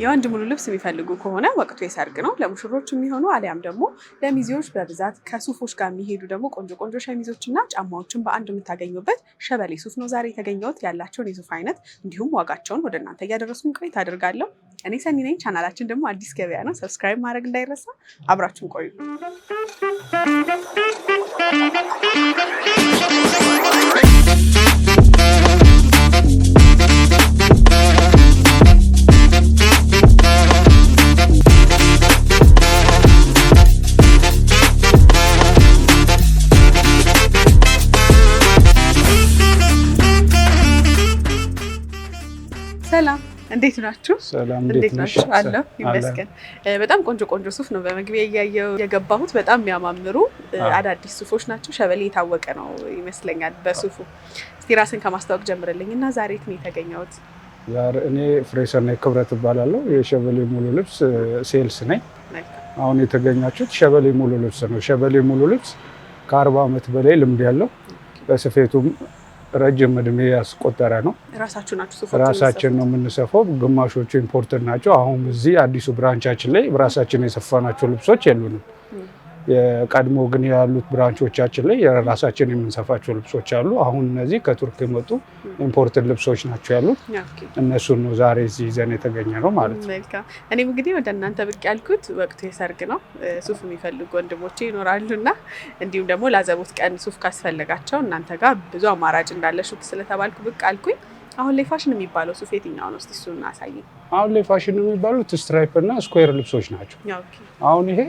የወንድ ሙሉ ልብስ የሚፈልጉ ከሆነ ወቅቱ የሰርግ ነው። ለሙሽሮች የሚሆኑ አሊያም ደግሞ ለሚዜዎች በብዛት ከሱፎች ጋር የሚሄዱ ደግሞ ቆንጆ ቆንጆ ሸሚዞች እና ጫማዎችን በአንድ የምታገኙበት ሸበሌ ሱፍ ነው ዛሬ የተገኘሁት። ያላቸውን የሱፍ አይነት እንዲሁም ዋጋቸውን ወደ እናንተ እያደረሱን ቆይታ አድርጋለሁ። እኔ ሰኒ ነኝ። ቻናላችን ደግሞ አዲስ ገበያ ነው። ሰብስክራይብ ማድረግ እንዳይረሳ። አብራችሁን ቆዩ። ሰላም እንዴት ናችሁ? ሰላም እንዴት ናችሁ? አለሁ ይመስገን። በጣም ቆንጆ ቆንጆ ሱፍ ነው በመግቢያ እያየሁ የገባሁት። በጣም የሚያማምሩ አዳዲስ ሱፎች ናቸው። ሸበሌ የታወቀ ነው ይመስለኛል በሱፉ። እስቲ ራስን ከማስታወቅ ጀምርልኝ እና ዛሬ የት ነው የተገኘሁት? እኔ ፍሬሰና ክብረት እባላለሁ። የሸበሌ ሙሉ ልብስ ሴልስ ነኝ። አሁን የተገኛችሁት ሸበሌ ሙሉ ልብስ ነው። ሸበሌ ሙሉ ልብስ ከአርባ ዓመት በላይ ልምድ ያለው በስፌቱም ረጅም እድሜ ያስቆጠረ ነው። ራሳችን ነው የምንሰፋው። ግማሾቹ ኢምፖርት ናቸው። አሁን እዚህ አዲሱ ብራንቻችን ላይ ራሳችን የሰፋናቸው ልብሶች የሉንም። የቀድሞ ግን ያሉት ብራንቾቻችን ላይ የራሳችን የምንሰፋቸው ልብሶች አሉ። አሁን እነዚህ ከቱርክ የመጡ ኢምፖርትን ልብሶች ናቸው ያሉት። እነሱን ነው ዛሬ እዚህ ይዘን የተገኘ ነው ማለት ነው። መልካም። እኔም እንግዲህ ወደ እናንተ ብቅ ያልኩት ወቅቱ የሰርግ ነው። ሱፍ የሚፈልጉ ወንድሞቼ ይኖራሉ እና እንዲሁም ደግሞ ላዘቦት ቀን ሱፍ ካስፈለጋቸው እናንተ ጋር ብዙ አማራጭ እንዳለ ስለተባልኩ ብቅ አልኩኝ። አሁን ላይ ፋሽን የሚባለው ሱፍ የትኛው ነው? እስኪ እሱን አሁን ላይ ፋሽን የሚባሉት ስትራይፕ እና ስኩዌር ልብሶች ናቸው። አሁን ይሄ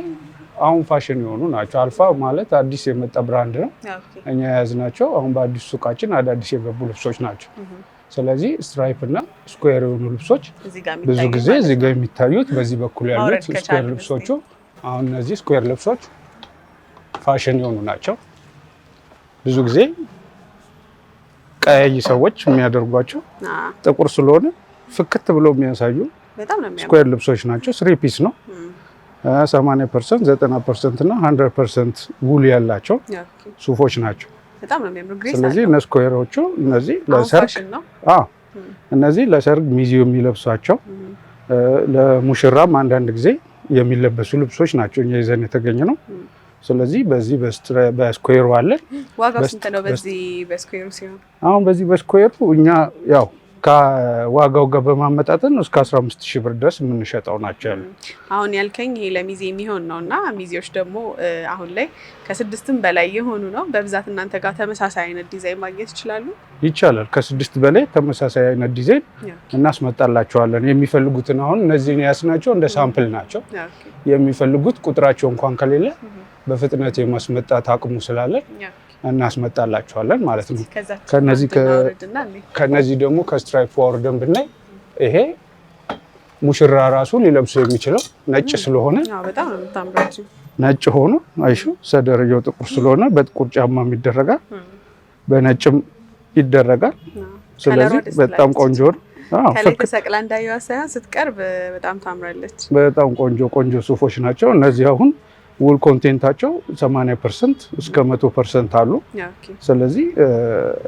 አሁን ፋሽን የሆኑ ናቸው። አልፋ ማለት አዲስ የመጣ ብራንድ ነው፣ እኛ የያዝናቸው አሁን በአዲሱ ሱቃችን አዳዲስ የገቡ ልብሶች ናቸው። ስለዚህ ስትራይፕ እና ስኩዌር የሆኑ ልብሶች ብዙ ጊዜ እዚህ ጋር የሚታዩት በዚህ በኩል ያሉት ስኩዌር ልብሶቹ፣ አሁን እነዚህ ስኩዌር ልብሶች ፋሽን የሆኑ ናቸው። ብዙ ጊዜ ቀያይ ሰዎች የሚያደርጓቸው ጥቁር ስለሆነ ፍክት ብሎ የሚያሳዩ ስኩዌር ልብሶች ናቸው። ስሪ ፒስ ነው ሰማንያ ፐርሰንት ዘጠና ፐርሰንት እና ሀንድረድ ፐርሰንት ውል ያላቸው ሱፎች ናቸው። ስለዚህ እነ ስኩዌሮቹ እነዚህ ለሰርግ እነዚህ ለሰርግ ሚዜው የሚለብሷቸው ለሙሽራም አንዳንድ ጊዜ የሚለበሱ ልብሶች ናቸው እኛ ይዘን የተገኘ ነው። ስለዚህ በዚህ በስኩዌሩ አለን። በዚህ ሲሆን አሁን በዚህ በስኩዌሩ እኛ ያው ከዋጋው ጋር በማመጣጠን እስከ 15 ሺህ ብር ድረስ የምንሸጠው ናቸው አሁን ያልከኝ ይሄ ለሚዜ የሚሆን ነው እና ሚዜዎች ደግሞ አሁን ላይ ከስድስትም በላይ የሆኑ ነው በብዛት እናንተ ጋር ተመሳሳይ አይነት ዲዛይን ማግኘት ይችላሉ። ይቻላል። ከስድስት በላይ ተመሳሳይ አይነት ዲዛይን እናስመጣላቸዋለን። የሚፈልጉትን አሁን እነዚህን ያስናቸው እንደ ሳምፕል ናቸው። የሚፈልጉት ቁጥራቸው እንኳን ከሌለ በፍጥነት የማስመጣት አቅሙ ስላለን እናስመጣላቸዋለን ማለት ነው። ከነዚህ ደግሞ ከስትራይፕ አውርደን ብናይ ይሄ ሙሽራ ራሱ ሊለብሰው የሚችለው ነጭ ስለሆነ ነጭ ሆኖ አይሹ ሰደረጃው ጥቁር ስለሆነ በጥቁር ጫማም ይደረጋል፣ በነጭም ይደረጋል። ስለዚህ በጣም ቆንጆ ነው። ከላይ ተሰቅላ እንዳየዋ ሳይሆን ስትቀርብ በጣም ታምራለች። በጣም ቆንጆ ቆንጆ ሱፎች ናቸው እነዚህ አሁን ውል ኮንቴንታቸው 80 ፐርሰንት እስከ 100 ፐርሰንት አሉ። ስለዚህ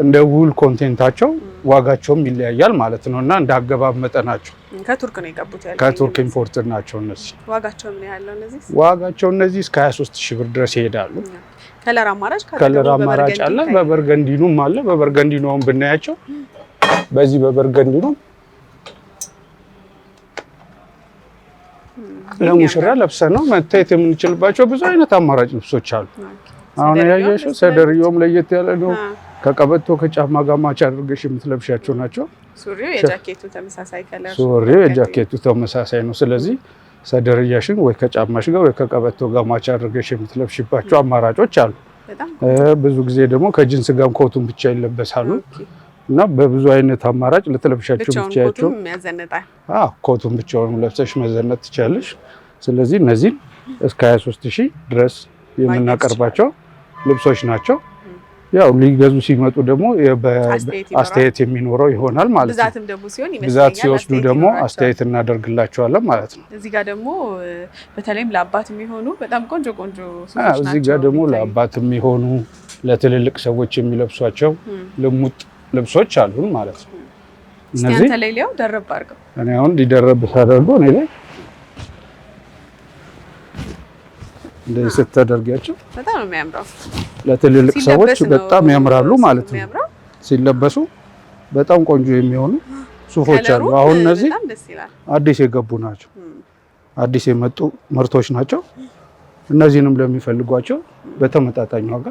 እንደ ውል ኮንቴንታቸው ዋጋቸውም ይለያያል ማለት ነው እና እንደ አገባብ መጠናቸው ከቱርክ ነው የገቡት ያለው ከቱርክ ኢምፖርትድ ናቸው እነዚህ። ዋጋቸው ምን ያህል እነዚህ? ዋጋቸው እነዚህ እስከ 23 ሺህ ብር ድረስ ይሄዳሉ። ከለር አማራጭ አለ፣ በበርገንዲኑም አለ። በበርገንዲኑም ብናያቸው በዚህ በበርገንዲኑም ለሙሽራ ለብሰ ነው መታየት የምንችልባቸው ብዙ አይነት አማራጭ ልብሶች አሉ። አሁን ያያቸው ሰደርዮም ለየት ያለ ነው። ከቀበቶ ከጫማ ጋር ማች አድርገሽ የምትለብሻቸው ናቸው። ሱሪው የጃኬቱ ተመሳሳይ ነው። ስለዚህ ሰደርያሽን ወይ ከጫማሽ ጋር ወይ ከቀበቶ ጋር ማች አድርገሽ የምትለብሽባቸው አማራጮች አሉ። ብዙ ጊዜ ደግሞ ከጅንስ ጋር ኮቱን ብቻ ይለበሳሉ። እና በብዙ አይነት አማራጭ ለተለብሻቸው ብቻቸው ኮቱን ብቻውን ለብሰሽ መዘነት ትችላለሽ። ስለዚህ እነዚህም እስከ 23 ሺህ ድረስ የምናቀርባቸው ልብሶች ናቸው። ያው ሊገዙ ሲመጡ ደግሞ አስተያየት የሚኖረው ይሆናል ማለት ነው። ብዛትም ሲሆን ብዛት ሲወስዱ ደግሞ አስተያየት እናደርግላቸዋለን ማለት ነው። እዚህ ጋር ደግሞ በተለይም ለአባት የሚሆኑ በጣም ቆንጆ ቆንጆ እዚህ ጋር ደግሞ ለአባት የሚሆኑ ለትልልቅ ሰዎች የሚለብሷቸው ልሙጥ ልብሶች አሉን ማለት ነው። እነዚህ አንተ ላይ ሊያው ደረብ አድርገው እኔ አሁን ሊደረብ ሳደርገው እኔ ላይ እንደዚህ ስታደርጊያቸው በጣም ነው የሚያምረው። ለትልልቅ ሰዎች በጣም ያምራሉ ማለት ነው። ሲለበሱ በጣም ቆንጆ የሚሆኑ ሱፎች አሉ። አሁን እነዚህ አዲስ የገቡ ናቸው። አዲስ የመጡ ምርቶች ናቸው። እነዚህንም ለሚፈልጓቸው በተመጣጣኝ ዋጋ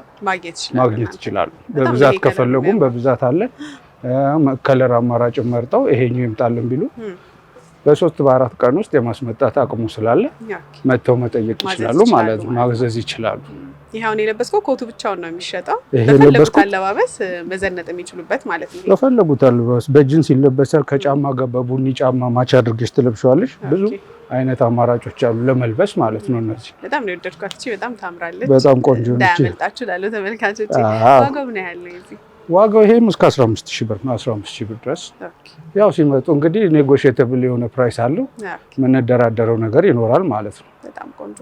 ማግኘት ይችላሉ። በብዛት ከፈለጉም በብዛት አለ። ከለር አማራጭ መርጠው ይሄኛው ይምጣልን ቢሉ በሶስት በአራት ቀን ውስጥ የማስመጣት አቅሙ ስላለ መጥተው መጠየቅ ይችላሉ ማለት ነው፣ ማዘዝ ይችላሉ። ይሄ የለበስከው ኮቱ ብቻውን ነው የሚሸጠው። በፈለጉት አለባበስ መዘነጥ የሚችሉበት ማለት ነው። በፈለጉት አለባበስ በጅንስ ይለበሳል። ከጫማ ጋር በቡኒ ጫማ ማች አድርገሽ ትለብሸዋለሽ ብዙ አይነት አማራጮች አሉ ለመልበስ ማለት ነው። እነዚህ በጣም ነው የወደድኳቸው። በጣም ታምራለች። በጣም ቆንጆ እንዳያመልጣችሁ ተመልካቾች። ዋጋው ምን ያህል ነው ዋጋው ይሄም እስከ 15 ሺህ ብር ነው። 15 ሺህ ብር ድረስ ያው ሲመጡ እንግዲህ ኔጎሽየተብል የሆነ ፕራይስ አለው። የምንደራደረው ነገር ይኖራል ማለት ነው። በጣም ቆንጆ።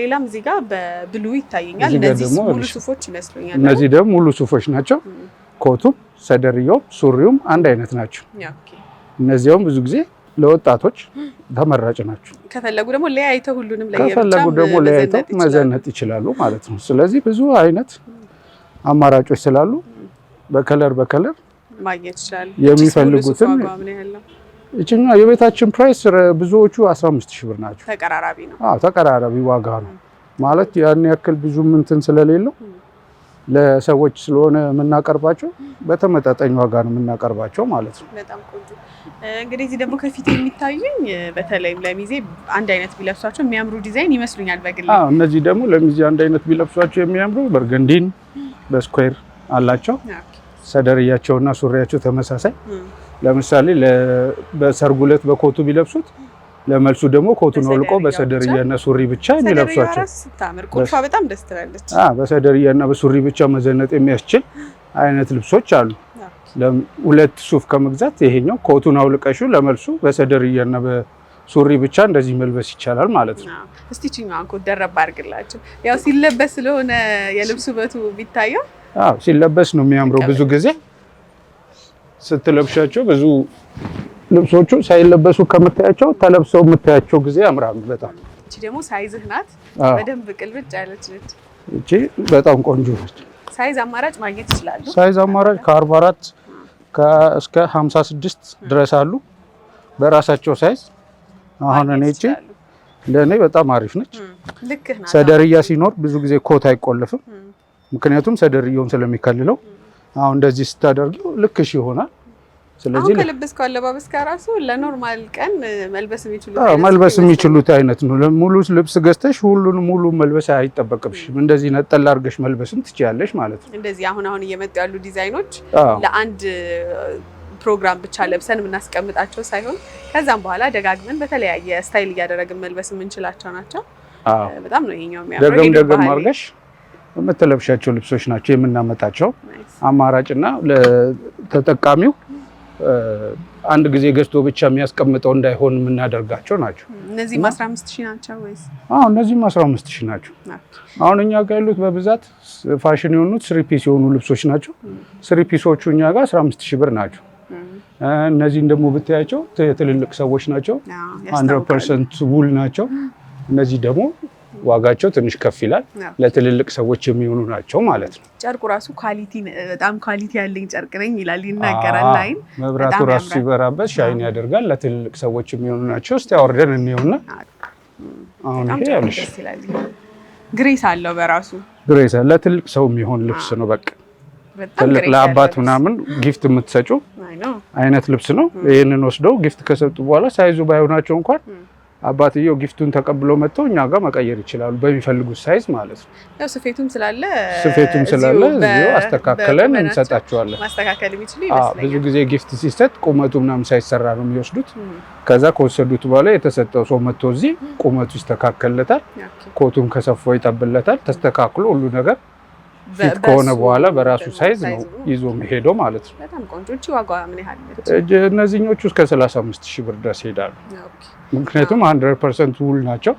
ሌላም እዚህ ጋር በብሉ ይታየኛል። እነዚህ ሙሉ ሱፎች ይመስሉኛል። እነዚህ ደግሞ ሙሉ ሱፎች ናቸው። ኮቱም፣ ሰደርዮም፣ ሱሪውም አንድ አይነት ናቸው። እነዚያውም ብዙ ጊዜ ለወጣቶች ተመራጭ ናቸው። ከፈለጉ ደግሞ ለያይተው ሁሉንም ከፈለጉ ደግሞ ለያይተው መዘነጥ ይችላሉ ማለት ነው። ስለዚህ ብዙ አይነት አማራጮች ስላሉ በከለር በከለር ማግኘት ይችላሉ የሚፈልጉትን። ይችኛው የቤታችን ፕራይስ ብዙዎቹ 15 ሺህ ብር ናቸው። ተቀራራቢ ነው። አዎ ተቀራራቢ ዋጋ ነው ማለት ያን ያክል ብዙ ምንትን ስለሌለው ለሰዎች ስለሆነ የምናቀርባቸው በተመጣጣኝ ዋጋ ነው የምናቀርባቸው ማለት ነው። እንግዲህ እዚህ ደግሞ ከፊት የሚታዩኝ በተለይም ለሚዜ አንድ አይነት ቢለብሷቸው የሚያምሩ ዲዛይን ይመስሉኛል በግል። እነዚህ ደግሞ ለሚዜ አንድ አይነት ቢለብሷቸው የሚያምሩ በርገንዲን በስኩዌር አላቸው። ሰደርያቸውና ሱሪያቸው ተመሳሳይ። ለምሳሌ በሰርጉ ዕለት በኮቱ ቢለብሱት ለመልሱ ደግሞ ኮቱን ወልቆ በሰደርያና ሱሪ ብቻ የሚለብሷቸው በጣም ደስ ትላለች። በሱሪ ብቻ መዘነጥ የሚያስችል አይነት ልብሶች አሉ። ሁለት ሱፍ ከመግዛት ይሄኛው ኮቱን አውልቀሹ ለመልሱ በሰደርያና በሱሪ ብቻ እንደዚህ መልበስ ይቻላል ማለት ነው። እስቲ ችኛዋን ኮት ደረባ አድርግላቸው። ያው ሲለበስ ስለሆነ የልብስ ውበቱ ቢታየው፣ አዎ ሲለበስ ነው የሚያምረው። ብዙ ጊዜ ስትለብሻቸው ብዙ ልብሶቹ ሳይለበሱ ከምታያቸው ተለብሰው የምታያቸው ጊዜ ያምራሉ በጣም። እቺ ደግሞ ሳይዝህ ናት በደንብ ቅልብጭ ያለች። እቺ በጣም ቆንጆ ነች። ሳይዝ አማራጭ ማግኘት ይችላሉ። ሳይዝ አማራጭ ከ44 እስከ 56 ድረስ አሉ በራሳቸው ሳይዝ። አሁን እኔ እቺ ለእኔ በጣም አሪፍ ነች። ሰደርያ ሲኖር ብዙ ጊዜ ኮት አይቆልፍም። ምክንያቱም ሰደርያውን ስለሚከልለው። አሁን እንደዚህ ስታደርጊው ልክሽ ይሆናል። ስለዚህ ከለበስከው አለባበስ ጋር ለኖርማል ቀን መልበስ የሚችሉት አዎ መልበስ የሚችሉት አይነት ነው። ሙሉ ልብስ ገዝተሽ ሁሉን ሙሉ መልበስ አይጠበቅብሽም። እንደዚህ ነጠላ አድርገሽ መልበስም ትችያለሽ ማለት ነው። እንደዚህ አሁን አሁን እየመጡ ያሉ ዲዛይኖች ለአንድ ፕሮግራም ብቻ ለብሰን የምናስቀምጣቸው ሳይሆን ከዛም በኋላ ደጋግመን በተለያየ ስታይል እያደረግን መልበስ የምንችላቸው ናቸው። በጣም ነው ይሄኛው የሚያምረው። ደገም ደገም አድርገሽ የምትለብሻቸው ልብሶች ናቸው የምናመጣቸው አማራጭና ለተጠቃሚው አንድ ጊዜ ገዝቶ ብቻ የሚያስቀምጠው እንዳይሆን የምናደርጋቸው ናቸው። እነዚህም ሺህ ናቸው ወይስ? አዎ እነዚህም 15 ሺህ ናቸው። አሁን እኛ ጋር ያሉት በብዛት ፋሽን የሆኑት ስሪፒስ የሆኑ ልብሶች ናቸው። ስሪፒሶቹ እኛ ጋር 15 ሺህ ብር ናቸው። እነዚህን ደግሞ ብታያቸው ትልልቅ ሰዎች ናቸው። ሀንድረድ ፐርሰንት ውል ናቸው። እነዚህ ደግሞ ዋጋቸው ትንሽ ከፍ ይላል። ለትልልቅ ሰዎች የሚሆኑ ናቸው ማለት ነው። ጨርቁ ራሱ ኳሊቲ በጣም ኳሊቲ ያለኝ ጨርቅ ነኝ ይላል ይናገራል። መብራቱ ራሱ ሲበራበት ሻይን ያደርጋል። ለትልልቅ ሰዎች የሚሆኑ ናቸው። እስቲ አወርደን የሚሆን አሁን ይሄ ያለሽ ግሬስ አለው በራሱ ግሬስ ለትልቅ ሰው የሚሆን ልብስ ነው። በቃ ትልቅ ለአባት ምናምን ጊፍት የምትሰጩ አይነት ልብስ ነው። ይህንን ወስደው ጊፍት ከሰጡ በኋላ ሳይዙ ባይሆናቸው እንኳን አባትየው ጊፍቱን ተቀብሎ መጥቶ እኛ ጋር መቀየር ይችላሉ፣ በሚፈልጉት ሳይዝ ማለት ነው። ያው ስፌቱም ስላለ ስፌቱም ስላለ እዚሁ አስተካክለን እንሰጣቸዋለን። ማስተካከል የሚችሉ ይመስለኛል። ብዙ ጊዜ ጊፍት ሲሰጥ ቁመቱ ምናምን ሳይሰራ ነው የሚወስዱት። ከዛ ከወሰዱት በኋላ የተሰጠው ሰው መጥቶ እዚህ ቁመቱ ይስተካከልለታል፣ ኮቱን ከሰፎ ይጠብለታል። ተስተካክሎ ሁሉ ነገር ፊት ከሆነ በኋላ በራሱ ሳይዝ ነው ይዞ የሚሄደው ማለት ነው። እነዚህኞቹ እስከ 35 ሺህ ብር ድረስ ይሄዳሉ። ምክንያቱም ሀንድረድ ፐርሰንት ውል ናቸው።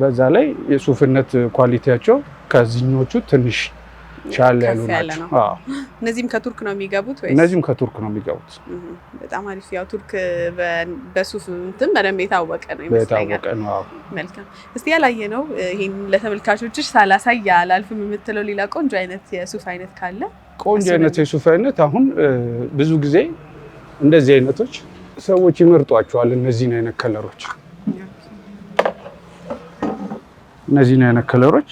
በዛ ላይ የሱፍነት ኳሊቲያቸው ከዚህኞቹ ትንሽ ሻል ያሉ ናቸው። እነዚህም ከቱርክ ነው የሚገቡት ወይ? እነዚህም ከቱርክ ነው የሚገቡት። በጣም አሪፍ። ያው ቱርክ በሱፍ እንትን በደንብ የታወቀ ነው ይመስለኛል። መልካም። እስቲ ያላየ ነው ይህን ለተመልካቾችሽ ሳላሳይ አላልፍም የምትለው ሌላ ቆንጆ አይነት የሱፍ አይነት ካለ? ቆንጆ አይነት የሱፍ አይነት አሁን ብዙ ጊዜ እንደዚህ አይነቶች ሰዎች ይመርጧቸዋል እነዚህን አይነት ከለሮች እነዚህን አይነት ከለሮች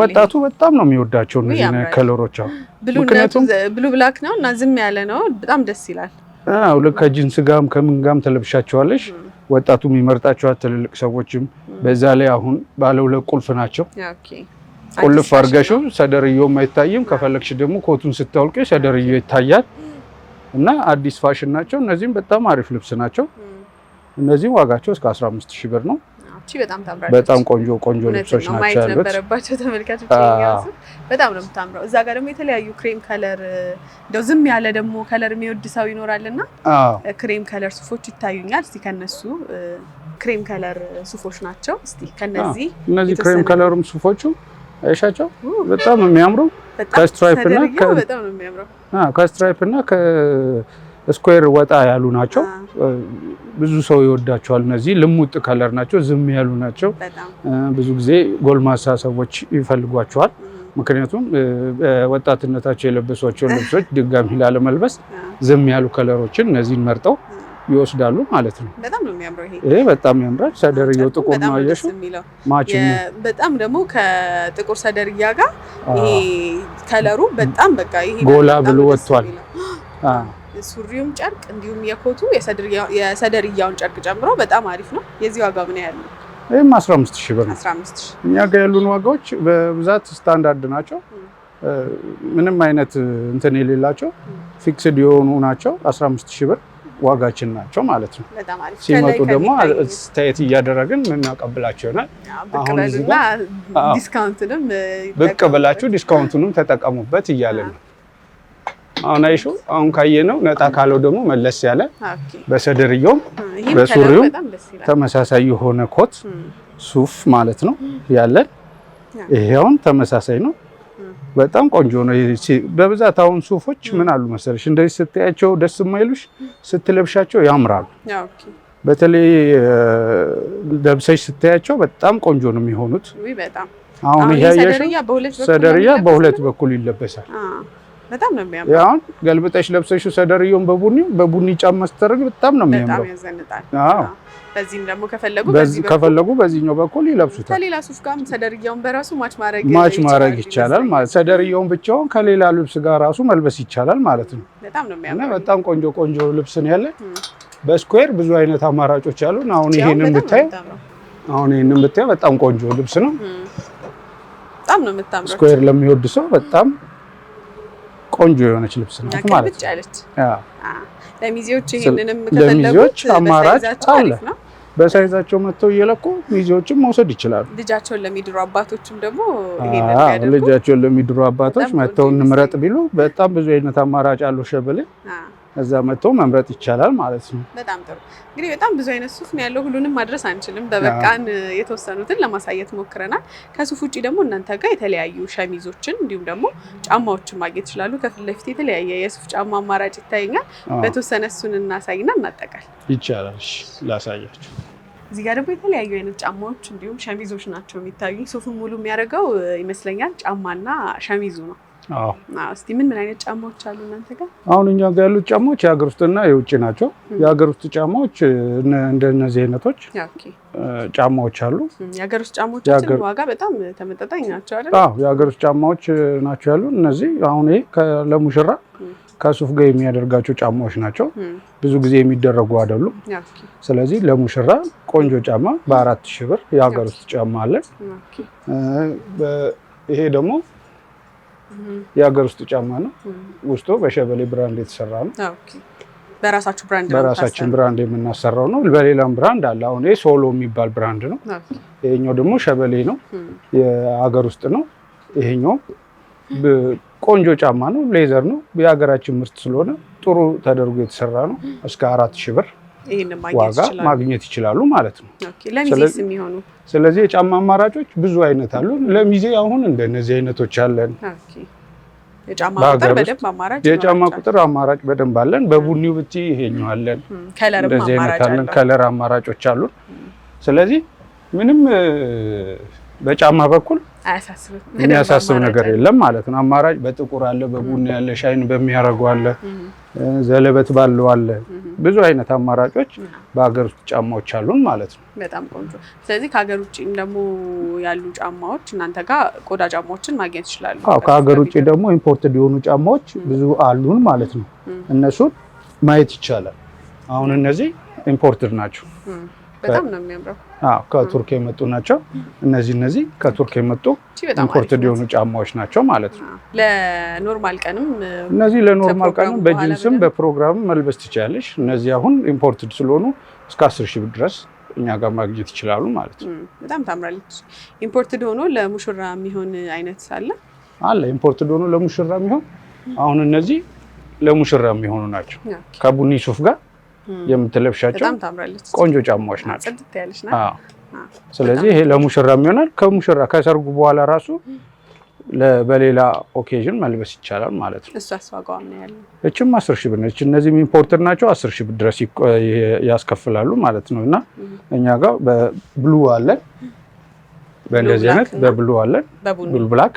ወጣቱ በጣም ነው የሚወዳቸው እነዚህ አይነት ከለሮች። አሁን ምክንያቱም ብሉ ብላክ ነው እና ዝም ያለ ነው፣ በጣም ደስ ይላል። አዎ ልክ ከጅንስ ጋም ከምን ጋም ተለብሻቸዋለሽ። ወጣቱም ይመርጣቸዋል፣ ትልልቅ ሰዎችም። በዛ ላይ አሁን ባለ ሁለት ቁልፍ ናቸው። ቁልፍ አድርገሽው ሰደርዮም አይታይም። ከፈለግሽ ደግሞ ኮቱን ስታወልቂው ሰደርዮ ይታያል። እና አዲስ ፋሽን ናቸው። እነዚህም በጣም አሪፍ ልብስ ናቸው። እነዚህም ዋጋቸው እስከ 15 ሺህ ብር ነው። በጣም ቆንጆ ቆንጆ ልብሶች ናቸው ያሉት። በጣም ነው የምታምረው። እዛ ጋር ደግሞ የተለያዩ ክሬም ከለር እንደው ዝም ያለ ደግሞ ከለር የሚወድ ሰው ይኖራልና ክሬም ከለር ሱፎች ይታዩኛል። እስቲ ከነሱ ክሬም ከለር ሱፎች ናቸው። እስቲ ከነዚህ እነዚህ ክሬም ከለሩም ሱፎቹ አይሻቸው በጣም ነው የሚያምሩ። ከስትራይፕ እና ከስትራይፕ እና ከስኩዌር ወጣ ያሉ ናቸው። ብዙ ሰው ይወዳቸዋል። እነዚህ ልሙጥ ከለር ናቸው፣ ዝም ያሉ ናቸው። ብዙ ጊዜ ጎልማሳ ሰዎች ይፈልጓቸዋል። ምክንያቱም ወጣትነታቸው የለበሷቸውን ልብሶች ድጋሚ ላለመልበስ ዝም ያሉ ከለሮችን እነዚህን መርጠው ይወስዳሉ ማለት ነው። በጣም ነው የሚያምረው። ይሄ በጣም ያምራል። ሰደርያው ጥቁር ነው አየሽው፣ ማችን በጣም ደግሞ ከጥቁር ሰደርያ ጋር ይሄ ከለሩ በጣም በቃ ይሄ ጎላ ብሎ ወጥቷል። ሱሪውም ጨርቅ እንዲሁም የኮቱ የሰደርያውን ጨርቅ ጨምሮ በጣም አሪፍ ነው። የዚህ ዋጋው ምን ያህል ነው? ይህም 15 ሺህ ብር ነው። እኛ ጋር ያሉን ዋጋዎች በብዛት ስታንዳርድ ናቸው። ምንም አይነት እንትን የሌላቸው ፊክስድ የሆኑ ናቸው። 15 ሺህ ብር ዋጋችን ናቸው ማለት ነው። ሲመጡ ደግሞ አስተያየት እያደረግን የምናቀብላቸው ይሆናል። ብቅ ብላችሁ ዲስካውንቱንም ተጠቀሙበት እያለን ነው። አሁን አይሹ አሁን ካየነው ነጣ ካለው ደግሞ መለስ ያለ በሰደርየውም በሱሪውም ተመሳሳይ የሆነ ኮት ሱፍ ማለት ነው ያለን። ይሄውን ተመሳሳይ ነው። በጣም ቆንጆ ነው። በብዛት አሁን ሱፎች ምን አሉ መሰለሽ እንደዚህ ስታያቸው ደስ የማይሉሽ ስትለብሻቸው ያምራሉ። በተለይ ለብሰሽ ስታያቸው በጣም ቆንጆ ነው የሚሆኑት። አሁን ሰደርያ በሁለት በኩል ይለበሳል። አሁን ገልብጠሽ ለብሰሽ ሰደርየውን በቡኒ በቡኒ ጫማ ስታደርግ በጣም ነው የሚያምረው። በዚህም ደግሞ ከፈለጉ ከፈለጉ በዚህኛው በኩል ይለብሱታል። ከሌላ ሱፍ ጋር ሰደርያውን በራሱ ማች ማድረግ ማች ማድረግ ይቻላል ማለት ሰደርያውን ብቻውን ከሌላ ልብስ ጋር ራሱ መልበስ ይቻላል ማለት ነው። በጣም ነው የሚያምር። በጣም ቆንጆ ቆንጆ ልብስ ነው ያለ። በስኩዌር ብዙ አይነት አማራጮች አሉ። አሁን ይሄንን ብታይ አሁን ይሄንን ብታይ በጣም ቆንጆ ልብስ ነው። በጣም ነው የምታምረው። ስኩዌር ለሚወድ ሰው በጣም ቆንጆ የሆነች ልብስ ናት ማለት ነው። ለሚዜዎች ይሄንንም ከፈለጉ ለሚዜዎች አማራጭ አለ። በሳይዛቸው መጥተው እየለኩ ሚዜዎችን መውሰድ ይችላሉ። ልጃቸውን ለሚድሩ አባቶችም ደግሞ ልጃቸውን ለሚድሩ አባቶች መጥተው እንምረጥ ቢሉ በጣም ብዙ አይነት አማራጭ አሉ ሸበሌ እዛ መጥቶ መምረጥ ይቻላል ማለት ነው። በጣም ጥሩ እንግዲህ፣ በጣም ብዙ አይነት ሱፍ ነው ያለው። ሁሉንም ማድረስ አንችልም፣ በበቃን የተወሰኑትን ለማሳየት ሞክረናል። ከሱፍ ውጭ ደግሞ እናንተ ጋር የተለያዩ ሸሚዞችን እንዲሁም ደግሞ ጫማዎችን ማግኘት ይችላሉ። ከፊት ለፊት የተለያየ የሱፍ ጫማ አማራጭ ይታየኛል። በተወሰነ እሱን እናሳይና እናጠቃል። ይቻላል ላሳያችሁ። እዚህ ጋር ደግሞ የተለያዩ አይነት ጫማዎች እንዲሁም ሸሚዞች ናቸው የሚታዩ። ሱፍን ሙሉ የሚያደርገው ይመስለኛል ጫማና ሸሚዙ ነው። እስቲ ምን ምን አይነት ጫማዎች አሉ እናንተ ጋር? አሁን እኛ ጋር ያሉት ጫማዎች የሀገር ውስጥና የውጭ ናቸው። የሀገር ውስጥ ጫማዎች እንደነዚህ አይነቶች ጫማዎች አሉ። የሀገር ውስጥ ጫማዎቻችን ዋጋ በጣም ተመጣጣኝ ናቸው አይደል? አዎ የሀገር ውስጥ ጫማዎች ናቸው ያሉን እነዚህ። አሁን ይሄ ለሙሽራ ከሱፍ ጋር የሚያደርጋቸው ጫማዎች ናቸው። ብዙ ጊዜ የሚደረጉ አይደሉም። ስለዚህ ለሙሽራ ቆንጆ ጫማ በአራት ሺህ ብር የሀገር ውስጥ ጫማ አለን። ይሄ ደግሞ የሀገር ውስጥ ጫማ ነው። ውስጡ በሸበሌ ብራንድ የተሰራ ነው። በራሳችን ብራንድ የምናሰራው ነው። በሌላም ብራንድ አለ። አሁን ሶሎ የሚባል ብራንድ ነው። ይሄኛው ደግሞ ሸበሌ ነው፣ የሀገር ውስጥ ነው። ይሄኛው ቆንጆ ጫማ ነው። ሌዘር ነው። የሀገራችን ምርት ስለሆነ ጥሩ ተደርጎ የተሰራ ነው። እስከ አራት ሺህ ብር ዋጋ ማግኘት ይችላሉ ማለት ነው። ስለዚህ የጫማ አማራጮች ብዙ አይነት አሉ። ለሚዜ አሁን እንደነዚህ አይነቶች አለን። የጫማ ቁጥር አማራጭ በደንብ አለን። በቡኒው ብቲ ይሄኛዋለን። እንደዚህ አይነት አለን። ከለር አማራጮች አሉ። ስለዚህ ምንም በጫማ በኩል የሚያሳስብ ነገር የለም ማለት ነው። አማራጭ በጥቁር አለ፣ በቡኒ ያለ፣ ሻይን በሚያረጉ አለ፣ ዘለበት ባለው አለ። ብዙ አይነት አማራጮች በሀገር ውስጥ ጫማዎች አሉን ማለት ነው። በጣም ቆንጆ። ስለዚህ ከሀገር ውጭም ደግሞ ያሉ ጫማዎች እናንተ ጋር ቆዳ ጫማዎችን ማግኘት ይችላሉ። አዎ፣ ከሀገር ውጭ ደግሞ ኢምፖርትድ የሆኑ ጫማዎች ብዙ አሉን ማለት ነው። እነሱን ማየት ይቻላል። አሁን እነዚህ ኢምፖርትድ ናቸው። በጣም ነው የሚያምረው። ከቱርክ የመጡ ናቸው እነዚህ እነዚህ ከቱርክ የመጡ ኢምፖርትድ የሆኑ ጫማዎች ናቸው ማለት ነው። ለኖርማል ቀንም እነዚህ ለኖርማል ቀንም በጂንስም በፕሮግራምም መልበስ ትችላለች። እነዚህ አሁን ኢምፖርትድ ስለሆኑ እስከ አስር ሺህ ብር ድረስ እኛ ጋር ማግኘት ይችላሉ ማለት ነው። በጣም ታምራለች። ኢምፖርትድ ሆኖ ለሙሽራ የሚሆን አይነት አለ አለ ኢምፖርትድ ሆኖ ለሙሽራ የሚሆን አሁን እነዚህ ለሙሽራ የሚሆኑ ናቸው ከቡኒ ሱፍ ጋር የምትለብሻቸው ቆንጆ ጫማዎች ናቸው። ስለዚህ ይሄ ለሙሽራም ይሆናል። ከሙሽራ ከሰርጉ በኋላ ራሱ በሌላ ኦኬዥን መልበስ ይቻላል ማለት ነው። እችም አስር ሺህ ብር ነች። እነዚህም ኢምፖርትድ ናቸው። አስር ሺህ ብር ድረስ ያስከፍላሉ ማለት ነው። እና እኛ ጋር በብሉ አለን፣ በእንደዚህ አይነት በብሉ አለን፣ ብሉ ብላክ፣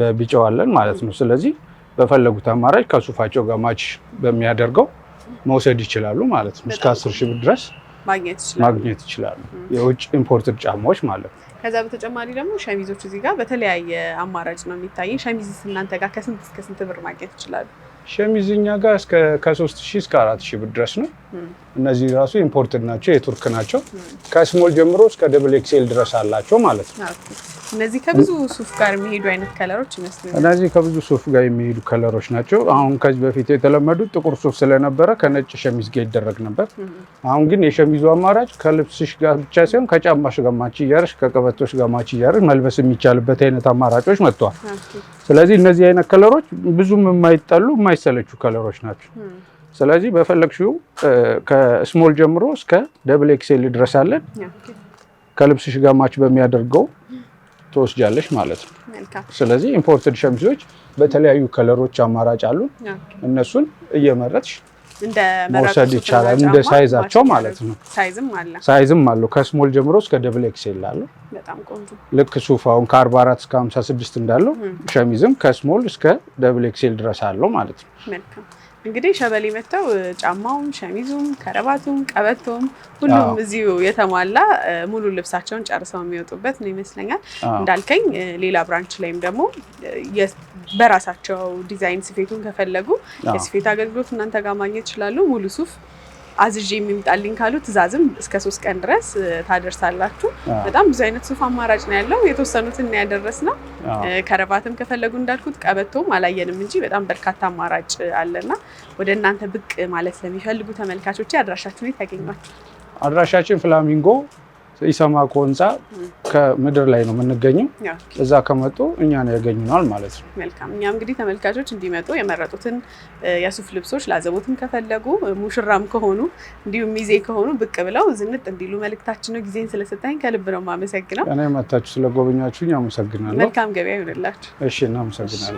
በቢጫው አለን ማለት ነው። ስለዚህ በፈለጉት አማራጭ ከሱፋቸው ጋር ማች በሚያደርገው መውሰድ ይችላሉ ማለት ነው። እስከ አስር ሺህ ብር ድረስ ማግኘት ይችላሉ። የውጭ ኢምፖርትድ ጫማዎች ማለት ነው። ከዛ በተጨማሪ ደግሞ ሸሚዞች እዚህ ጋር በተለያየ አማራጭ ነው የሚታየኝ። ሸሚዝ እናንተ ጋር ከስንት እስከ ስንት ብር ማግኘት ይችላሉ? ሸሚዝ እኛ ጋር ከሶስት ሺህ እስከ አራት ሺህ ብር ድረስ ነው። እነዚህ ራሱ ኢምፖርትድ ናቸው፣ የቱርክ ናቸው። ከስሞል ጀምሮ እስከ ደብል ኤክሴል ድረስ አላቸው ማለት ነው። እነዚህ ከብዙ ሱፍ ጋር የሚሄዱ አይነት ከለሮች ይመስላል። እነዚህ ከብዙ ሱፍ ጋር የሚሄዱ ከለሮች ናቸው። አሁን ከዚህ በፊት የተለመዱ ጥቁር ሱፍ ስለነበረ ከነጭ ሸሚዝ ጋር ይደረግ ነበር። አሁን ግን የሸሚዙ አማራጭ ከልብስሽ ጋር ብቻ ሳይሆን ከጫማሽ ጋር ማች እያደረሽ፣ ከቀበቶች ጋር ማች እያደረሽ መልበስ የሚቻልበት አይነት አማራጮች መጥተዋል። ስለዚህ እነዚህ አይነት ከለሮች ብዙም የማይጠሉ የማይሰለቹ ከለሮች ናቸው። ስለዚህ በፈለግሽው ከስሞል ጀምሮ እስከ ደብል ኤክሴል ድረስ አለን። ከልብስሽ ጋር ማች በሚያደርገው ትወስጃለሽ ማለት ነው። ስለዚህ ኢምፖርትድ ሸሚዞች በተለያዩ ከለሮች አማራጭ አሉ። እነሱን እየመረጥሽ መውሰድ ይቻላል። እንደ ሳይዛቸው ማለት ነው። ሳይዝም አለው ከስሞል ጀምሮ እስከ ደብል ኤክሴል አለው። ልክ ሱፋውን ከ44 እስከ 56 እንዳለው ሸሚዝም ከስሞል እስከ ደብል ኤክሴል ድረስ አለው ማለት ነው። እንግዲህ ሸበሌ መጥተው ጫማውም፣ ሸሚዙም፣ ከረባቱም፣ ቀበቶም ሁሉም እዚሁ የተሟላ ሙሉ ልብሳቸውን ጨርሰው የሚወጡበት ነው ይመስለኛል። እንዳልከኝ ሌላ ብራንች ላይም ደግሞ በራሳቸው ዲዛይን ስፌቱን ከፈለጉ የስፌት አገልግሎት እናንተ ጋር ማግኘት ይችላሉ። ሙሉ ሱፍ አዝዤ የሚምጣልኝ ካሉ ትእዛዝም እስከ ሶስት ቀን ድረስ ታደርሳላችሁ። በጣም ብዙ አይነት ሱፍ አማራጭ ነው ያለው። የተወሰኑትን ነው ከረባትም ከፈለጉ እንዳልኩት ቀበቶም አላየንም እንጂ በጣም በርካታ አማራጭ አለና ወደ እናንተ ብቅ ማለት ለሚፈልጉ ተመልካቾች አድራሻችሁን የት አድራሻችን ፍላሚንጎ ኢሰማኮ ህንፃ ከምድር ላይ ነው የምንገኘው። እዛ ከመጡ እኛ ነው ያገኙናል ማለት ነው። መልካም። እኛም እንግዲህ ተመልካቾች እንዲመጡ የመረጡትን የሱፍ ልብሶች ላዘቦትም ከፈለጉ ሙሽራም ከሆኑ እንዲሁም ሚዜ ከሆኑ ብቅ ብለው ዝንጥ እንዲሉ መልእክታችን ነው። ጊዜን ስለሰጠኝ ከልብ ነው የማመሰግነው። እኔ መታችሁ ስለጎበኛችሁኝ አመሰግናለሁ። መልካም ገበያ ይሆንላችሁ። እሺ፣ እናመሰግናለሁ።